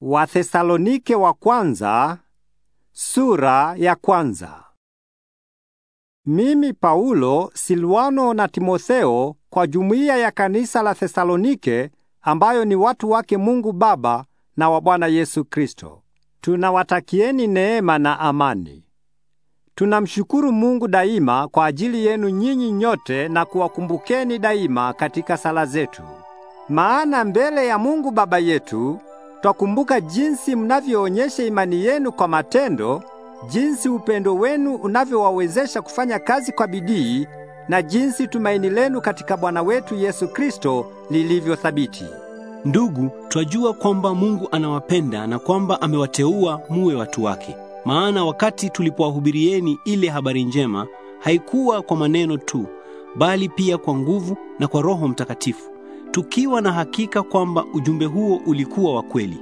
Wathesalonike wa kwanza sura ya kwanza. Mimi Paulo, Silwano na Timotheo kwa jumuiya ya kanisa la Thesalonike ambayo ni watu wake Mungu Baba na wa Bwana Yesu Kristo. Tunawatakieni neema na amani. Tunamshukuru Mungu daima kwa ajili yenu nyinyi nyote na kuwakumbukeni daima katika sala zetu. Maana mbele ya Mungu Baba yetu Twakumbuka jinsi mnavyoonyesha imani yenu kwa matendo, jinsi upendo wenu unavyowawezesha kufanya kazi kwa bidii na jinsi tumaini lenu katika Bwana wetu Yesu Kristo lilivyothabiti. Ndugu, twajua kwamba Mungu anawapenda na kwamba amewateua muwe watu wake. Maana wakati tulipowahubirieni ile habari njema, haikuwa kwa maneno tu, bali pia kwa nguvu na kwa Roho Mtakatifu tukiwa na hakika kwamba ujumbe huo ulikuwa wa kweli.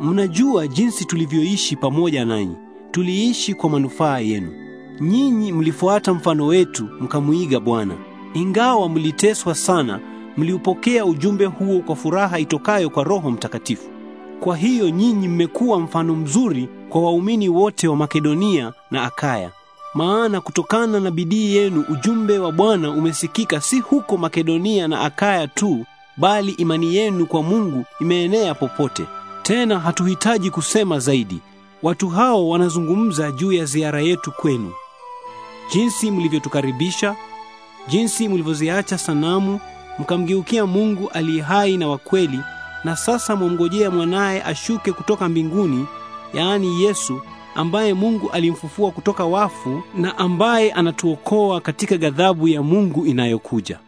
Mnajua jinsi tulivyoishi pamoja nanyi, tuliishi kwa manufaa yenu. Nyinyi mlifuata mfano wetu mkamwiga Bwana. Ingawa mliteswa sana, mliupokea ujumbe huo kwa furaha itokayo kwa Roho Mtakatifu. Kwa hiyo nyinyi mmekuwa mfano mzuri kwa waumini wote wa Makedonia na Akaya. Maana kutokana na bidii yenu ujumbe wa Bwana umesikika si huko Makedonia na Akaya tu, bali imani yenu kwa Mungu imeenea popote. Tena hatuhitaji kusema zaidi. Watu hao wanazungumza juu ya ziara yetu kwenu, jinsi mlivyotukaribisha, jinsi mlivyoziacha sanamu mkamgeukia Mungu aliye hai na wakweli na sasa mwamgojea mwanaye ashuke kutoka mbinguni, yaani Yesu ambaye Mungu alimfufua kutoka wafu na ambaye anatuokoa katika ghadhabu ya Mungu inayokuja.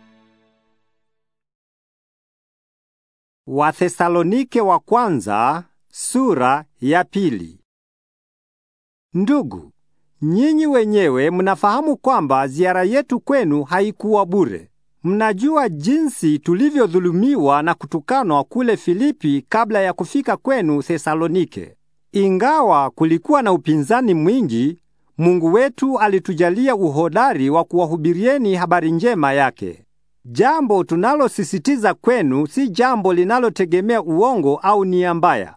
Wathesalonike wa kwanza sura ya pili. Ndugu, nyinyi wenyewe mnafahamu kwamba ziara yetu kwenu haikuwa bure. Mnajua jinsi tulivyodhulumiwa na kutukanwa kule Filipi kabla ya kufika kwenu Thesalonike. Ingawa kulikuwa na upinzani mwingi, Mungu wetu alitujalia uhodari wa kuwahubirieni habari njema yake. Jambo tunalosisitiza kwenu si jambo linalotegemea uongo au nia mbaya,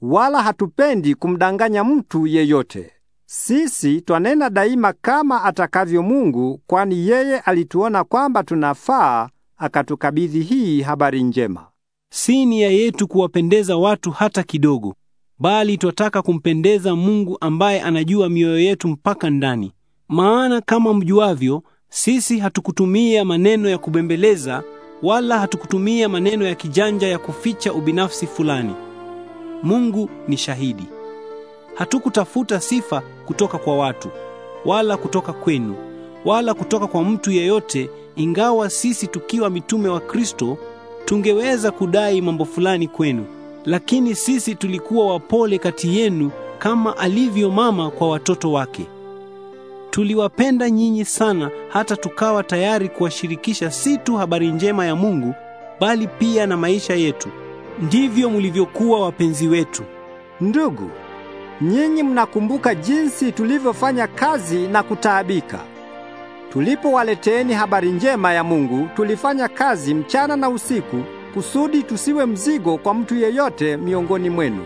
wala hatupendi kumdanganya mtu yeyote. Sisi twanena daima kama atakavyo Mungu, kwani yeye alituona kwamba tunafaa akatukabidhi hii habari njema. Si nia yetu kuwapendeza watu hata kidogo, bali twataka kumpendeza Mungu ambaye anajua mioyo yetu mpaka ndani. Maana kama mjuavyo sisi hatukutumia maneno ya kubembeleza wala hatukutumia maneno ya kijanja ya kuficha ubinafsi fulani. Mungu ni shahidi. Hatukutafuta sifa kutoka kwa watu wala kutoka kwenu wala kutoka kwa mtu yeyote, ingawa sisi tukiwa mitume wa Kristo tungeweza kudai mambo fulani kwenu, lakini sisi tulikuwa wapole kati yenu kama alivyo mama kwa watoto wake. Tuliwapenda nyinyi sana hata tukawa tayari kuwashirikisha si tu habari njema ya Mungu bali pia na maisha yetu. Ndivyo mlivyokuwa wapenzi wetu. Ndugu, nyinyi mnakumbuka jinsi tulivyofanya kazi na kutaabika. Tulipowaleteeni habari njema ya Mungu, tulifanya kazi mchana na usiku kusudi tusiwe mzigo kwa mtu yeyote miongoni mwenu.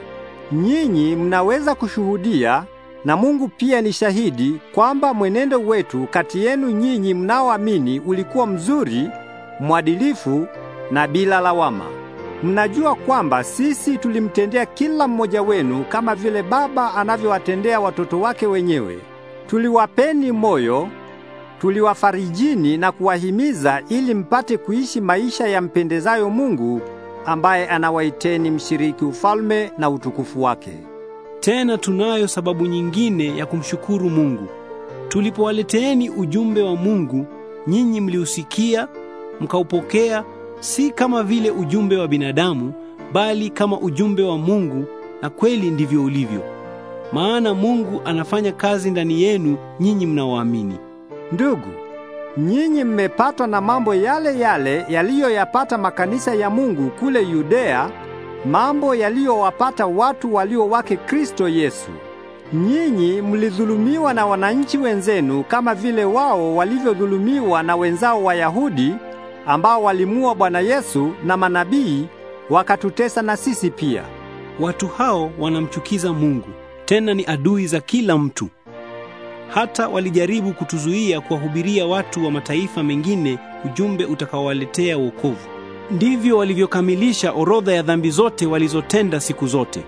Nyinyi mnaweza kushuhudia na Mungu pia ni shahidi kwamba mwenendo wetu kati yenu nyinyi mnaoamini ulikuwa mzuri, mwadilifu na bila lawama. Mnajua kwamba sisi tulimtendea kila mmoja wenu kama vile baba anavyowatendea watoto wake wenyewe. Tuliwapeni moyo, tuliwafarijini na kuwahimiza ili mpate kuishi maisha ya mpendezayo Mungu ambaye anawaiteni mshiriki ufalme na utukufu wake. Tena tunayo sababu nyingine ya kumshukuru Mungu. Tulipowaleteeni ujumbe wa Mungu, nyinyi mliusikia, mkaupokea si kama vile ujumbe wa binadamu, bali kama ujumbe wa Mungu, na kweli ndivyo ulivyo. Maana Mungu anafanya kazi ndani yenu nyinyi mnaoamini. Ndugu, nyinyi mmepatwa na mambo yale yale yaliyoyapata makanisa ya Mungu kule Yudea mambo yaliyowapata watu walio wake Kristo Yesu. Nyinyi mlidhulumiwa na wananchi wenzenu kama vile wao walivyodhulumiwa na wenzao Wayahudi ambao walimua Bwana Yesu na manabii wakatutesa na sisi pia. Watu hao wanamchukiza Mungu, tena ni adui za kila mtu. Hata walijaribu kutuzuia kuwahubiria watu wa mataifa mengine ujumbe utakaowaletea wokovu. Ndivyo walivyokamilisha orodha ya dhambi zote walizotenda siku zote.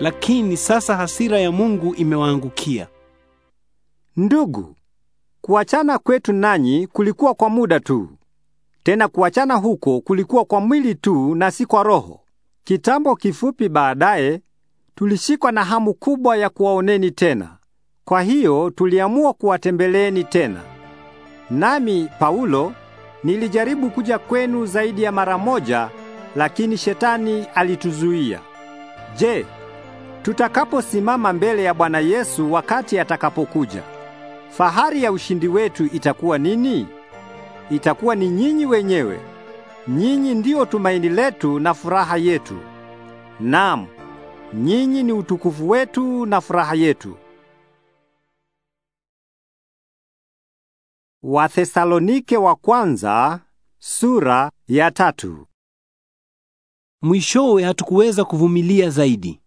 Lakini sasa hasira ya Mungu imewaangukia. Ndugu, kuachana kwetu nanyi kulikuwa kwa muda tu. Tena kuachana huko kulikuwa kwa mwili tu na si kwa roho. Kitambo kifupi baadaye tulishikwa na hamu kubwa ya kuwaoneni tena. Kwa hiyo tuliamua kuwatembeleeni tena. Nami Paulo Nilijaribu kuja kwenu zaidi ya mara moja, lakini shetani alituzuia. Je, tutakaposimama mbele ya Bwana Yesu wakati atakapokuja, fahari ya ushindi wetu itakuwa nini? Itakuwa ni nyinyi wenyewe. Nyinyi ndio tumaini letu na furaha yetu. Naam, nyinyi ni utukufu wetu na furaha yetu. Wathesalonike wa kwanza sura ya tatu. Mwishowe hatukuweza kuvumilia zaidi.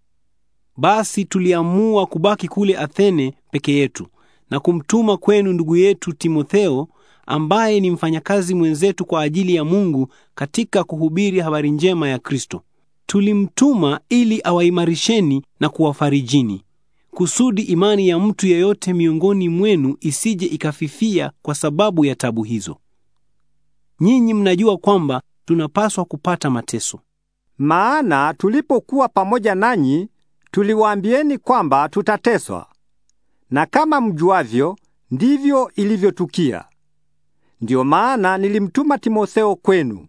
Basi tuliamua kubaki kule Athene peke yetu na kumtuma kwenu ndugu yetu Timotheo ambaye ni mfanyakazi mwenzetu kwa ajili ya Mungu katika kuhubiri habari njema ya Kristo. Tulimtuma ili awaimarisheni na kuwafarijini kusudi imani ya mtu yeyote miongoni mwenu isije ikafifia kwa sababu ya tabu hizo. Nyinyi mnajua kwamba tunapaswa kupata mateso. Maana tulipokuwa pamoja nanyi tuliwaambieni kwamba tutateswa, na kama mjuavyo, ndivyo ilivyotukia. Ndiyo maana nilimtuma Timotheo kwenu.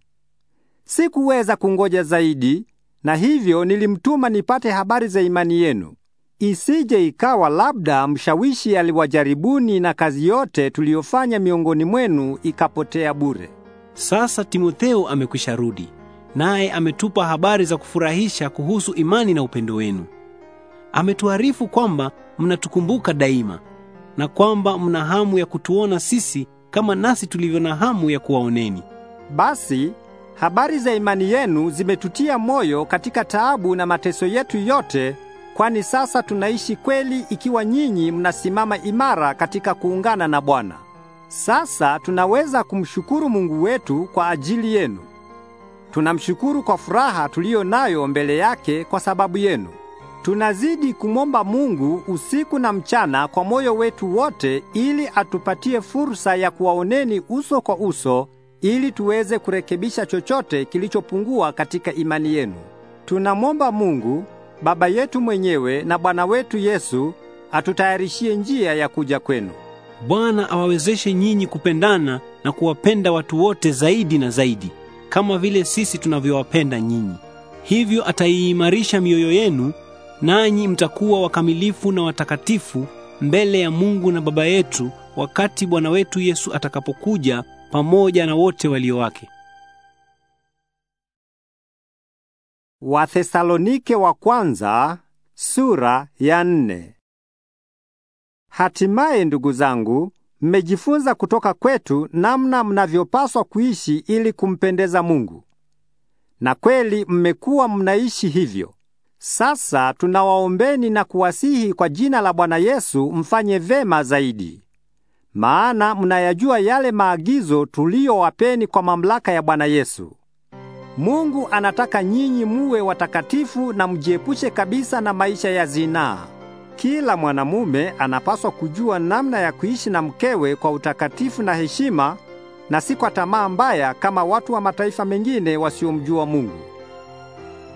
Sikuweza kungoja zaidi, na hivyo nilimtuma nipate habari za imani yenu. Isije ikawa labda mshawishi aliwajaribuni na kazi yote tuliyofanya miongoni mwenu ikapotea bure. Sasa Timotheo amekwisha rudi, naye ametupa habari za kufurahisha kuhusu imani na upendo wenu. Ametuarifu kwamba mnatukumbuka daima na kwamba mna hamu ya kutuona sisi kama nasi tulivyo na hamu ya kuwaoneni. Basi habari za imani yenu zimetutia moyo katika taabu na mateso yetu yote kwani sasa tunaishi kweli ikiwa nyinyi mnasimama imara katika kuungana na Bwana. Sasa tunaweza kumshukuru Mungu wetu kwa ajili yenu. Tunamshukuru kwa furaha tuliyo nayo mbele yake kwa sababu yenu. Tunazidi kumwomba Mungu usiku na mchana kwa moyo wetu wote ili atupatie fursa ya kuwaoneni uso kwa uso ili tuweze kurekebisha chochote kilichopungua katika imani yenu. Tunamwomba Mungu Baba yetu mwenyewe na Bwana wetu Yesu atutayarishie njia ya kuja kwenu. Bwana awawezeshe nyinyi kupendana na kuwapenda watu wote zaidi na zaidi kama vile sisi tunavyowapenda nyinyi. Hivyo ataiimarisha mioyo yenu, nanyi mtakuwa wakamilifu na watakatifu mbele ya Mungu na Baba yetu wakati Bwana wetu Yesu atakapokuja pamoja na wote walio wake. Wathesalonike wa kwanza sura ya nne. Hatimaye ndugu zangu, mmejifunza kutoka kwetu namna mnavyopaswa kuishi ili kumpendeza Mungu. Na kweli mmekuwa mnaishi hivyo. Sasa tunawaombeni na kuwasihi kwa jina la Bwana Yesu mfanye vema zaidi. Maana mnayajua yale maagizo tuliyowapeni kwa mamlaka ya Bwana Yesu. Mungu anataka nyinyi muwe watakatifu na mjiepushe kabisa na maisha ya zinaa. Kila mwanamume anapaswa kujua namna ya kuishi na mkewe kwa utakatifu na heshima na si kwa tamaa mbaya kama watu wa mataifa mengine wasiomjua Mungu.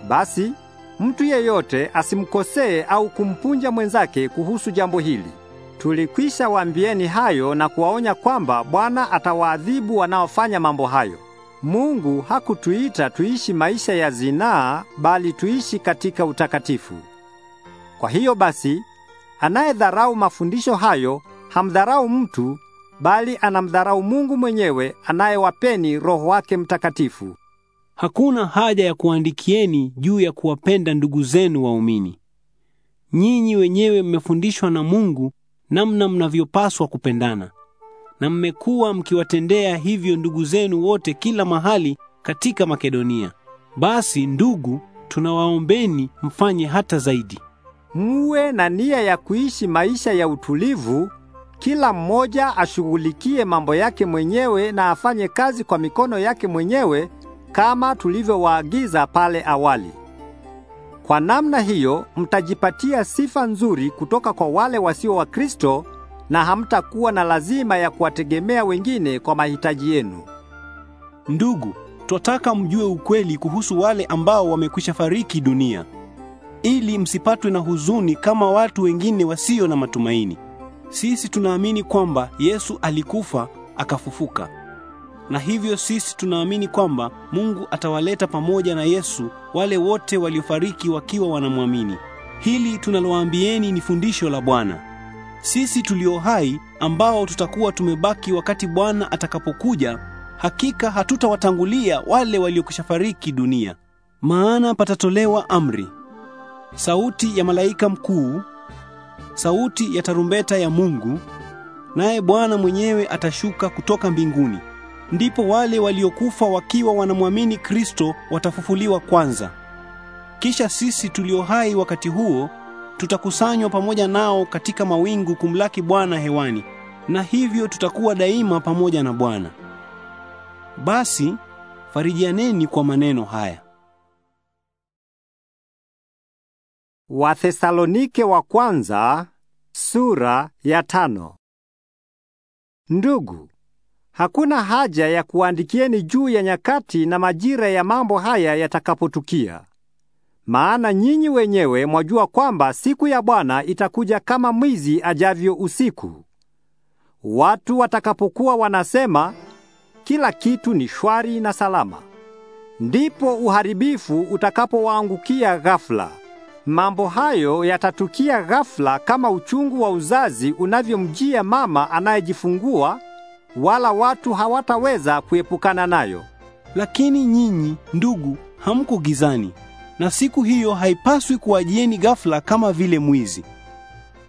Basi mtu yeyote asimkosee au kumpunja mwenzake kuhusu jambo hili. Tulikwisha waambieni hayo na kuwaonya kwamba Bwana atawaadhibu wanaofanya mambo hayo. Mungu hakutuita tuishi maisha ya zinaa, bali tuishi katika utakatifu. Kwa hiyo basi, anayedharau mafundisho hayo hamdharau mtu, bali anamdharau Mungu mwenyewe anayewapeni Roho wake Mtakatifu. Hakuna haja ya kuandikieni juu ya kuwapenda ndugu zenu waumini. Nyinyi wenyewe mmefundishwa na Mungu namna mnavyopaswa kupendana na mmekuwa mkiwatendea hivyo ndugu zenu wote kila mahali katika Makedonia. Basi ndugu, tunawaombeni mfanye hata zaidi. Muwe na nia ya kuishi maisha ya utulivu, kila mmoja ashughulikie mambo yake mwenyewe na afanye kazi kwa mikono yake mwenyewe kama tulivyowaagiza pale awali. Kwa namna hiyo mtajipatia sifa nzuri kutoka kwa wale wasio wa Kristo na hamtakuwa na lazima ya kuwategemea wengine kwa mahitaji yenu. Ndugu, twataka mjue ukweli kuhusu wale ambao wamekwisha fariki dunia, ili msipatwe na huzuni kama watu wengine wasio na matumaini. Sisi tunaamini kwamba Yesu alikufa akafufuka, na hivyo sisi tunaamini kwamba Mungu atawaleta pamoja na Yesu wale wote waliofariki wakiwa wanamwamini. Hili tunalowaambieni ni fundisho la Bwana sisi tulio hai ambao tutakuwa tumebaki wakati Bwana atakapokuja, hakika hatutawatangulia wale waliokishafariki dunia. Maana patatolewa amri, sauti ya malaika mkuu, sauti ya tarumbeta ya Mungu, naye Bwana mwenyewe atashuka kutoka mbinguni. Ndipo wale waliokufa wakiwa wanamwamini Kristo watafufuliwa kwanza. Kisha sisi tulio hai wakati huo tutakusanywa pamoja nao katika mawingu kumlaki Bwana hewani, na hivyo tutakuwa daima pamoja na Bwana. Basi farijianeni kwa maneno haya. Wathesalonike wa kwanza sura ya tano. Ndugu, hakuna haja ya kuandikieni juu ya nyakati na majira ya mambo haya yatakapotukia. Maana nyinyi wenyewe mwajua kwamba siku ya Bwana itakuja kama mwizi ajavyo usiku. Watu watakapokuwa wanasema kila kitu ni shwari na salama, ndipo uharibifu utakapowaangukia ghafla. Mambo hayo yatatukia ghafla kama uchungu wa uzazi unavyomjia mama anayejifungua, wala watu hawataweza kuepukana nayo. Lakini nyinyi ndugu, hamko gizani na siku hiyo haipaswi kuwajieni ghafla kama vile mwizi.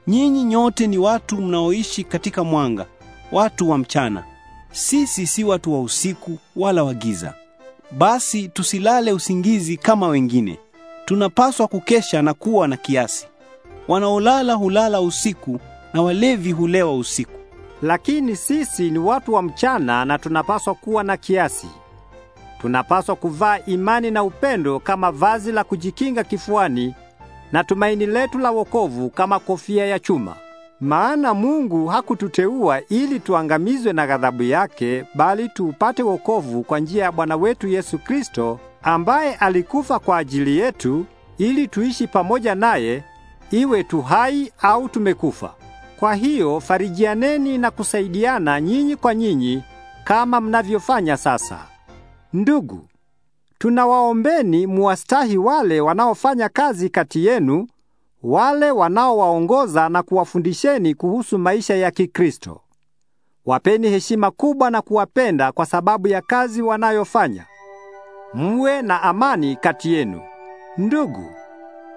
Nyinyi nyote ni watu mnaoishi katika mwanga, watu wa mchana. Sisi si watu wa usiku wala wa giza. Basi tusilale usingizi kama wengine. Tunapaswa kukesha na kuwa na kiasi. Wanaolala hulala usiku na walevi hulewa usiku. Lakini sisi ni watu wa mchana na tunapaswa kuwa na kiasi tunapaswa kuvaa imani na upendo kama vazi la kujikinga kifuani na tumaini letu la wokovu kama kofia ya chuma. Maana Mungu hakututeua ili tuangamizwe na ghadhabu yake, bali tuupate wokovu kwa njia ya Bwana wetu Yesu Kristo, ambaye alikufa kwa ajili yetu ili tuishi pamoja naye, iwe tu hai au tumekufa. Kwa hiyo farijianeni na kusaidiana nyinyi kwa nyinyi kama mnavyofanya sasa. Ndugu, tunawaombeni muwastahi wale wanaofanya kazi kati yenu, wale wanaowaongoza na kuwafundisheni kuhusu maisha ya Kikristo. Wapeni heshima kubwa na kuwapenda kwa sababu ya kazi wanayofanya. Mwe na amani kati yenu. Ndugu,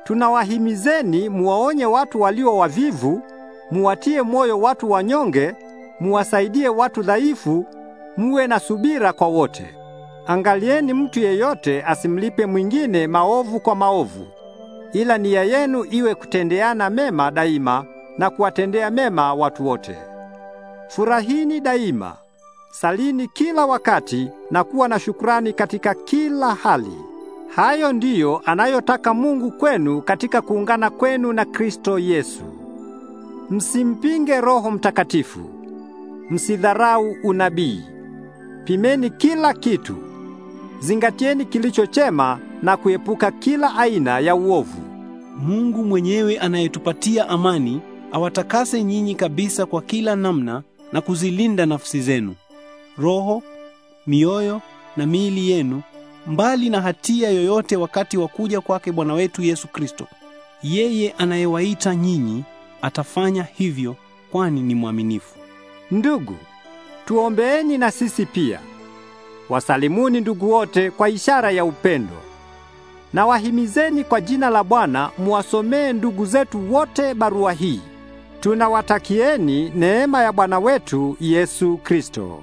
tunawahimizeni muwaonye watu walio wavivu, muwatie moyo watu wanyonge, muwasaidie watu dhaifu, muwe na subira kwa wote. Angalieni mtu yeyote asimlipe mwingine maovu kwa maovu, ila nia yenu iwe kutendeana mema daima na kuwatendea mema watu wote. Furahini daima, salini kila wakati na kuwa na shukrani katika kila hali. Hayo ndiyo anayotaka Mungu kwenu katika kuungana kwenu na Kristo Yesu. Msimpinge Roho Mtakatifu. Msidharau unabii. Pimeni kila kitu. Zingatieni kilicho chema na kuepuka kila aina ya uovu. Mungu mwenyewe anayetupatia amani awatakase nyinyi kabisa kwa kila namna na kuzilinda nafsi zenu, roho, mioyo na miili yenu mbali na hatia yoyote wakati wa kuja kwake Bwana wetu Yesu Kristo. Yeye anayewaita nyinyi atafanya hivyo kwani ni mwaminifu. Ndugu, tuombeeni na sisi pia. Wasalimuni ndugu wote kwa ishara ya upendo. Na wahimizeni kwa jina la Bwana muwasomee ndugu zetu wote barua hii. Tunawatakieni neema ya Bwana wetu Yesu Kristo.